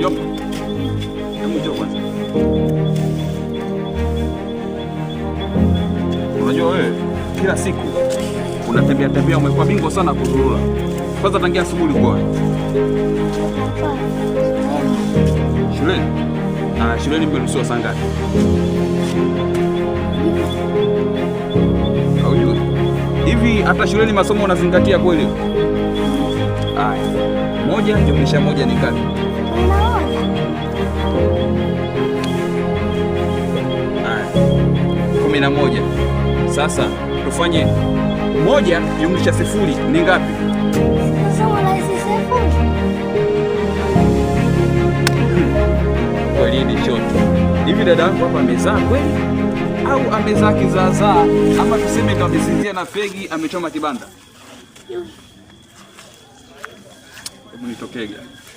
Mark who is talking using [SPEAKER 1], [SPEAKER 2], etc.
[SPEAKER 1] Joko. Hebu njoo kwanza. Unajua wewe kila siku unatembea tembea, umekuwa bingwa sana kuzurura. Kwanza tangia asubuhi ulikuwa shuleni? Ah, shuleni mmeruhusiwa saa ngapi? Hivi hata shuleni masomo unazingatia kweli? Haya, moja jumlisha moja ni ngapi? kumi na moja. Sasa tufanye moja jumlisha sifuri ni ngapi? Hmm. Kweli choto hivi. Dada yangu hapa amezaa kweli au amezaa kizaazaa, ama tuseme kamesinzia na Pegi amechoma kibanda? Muito ok. Guilherme.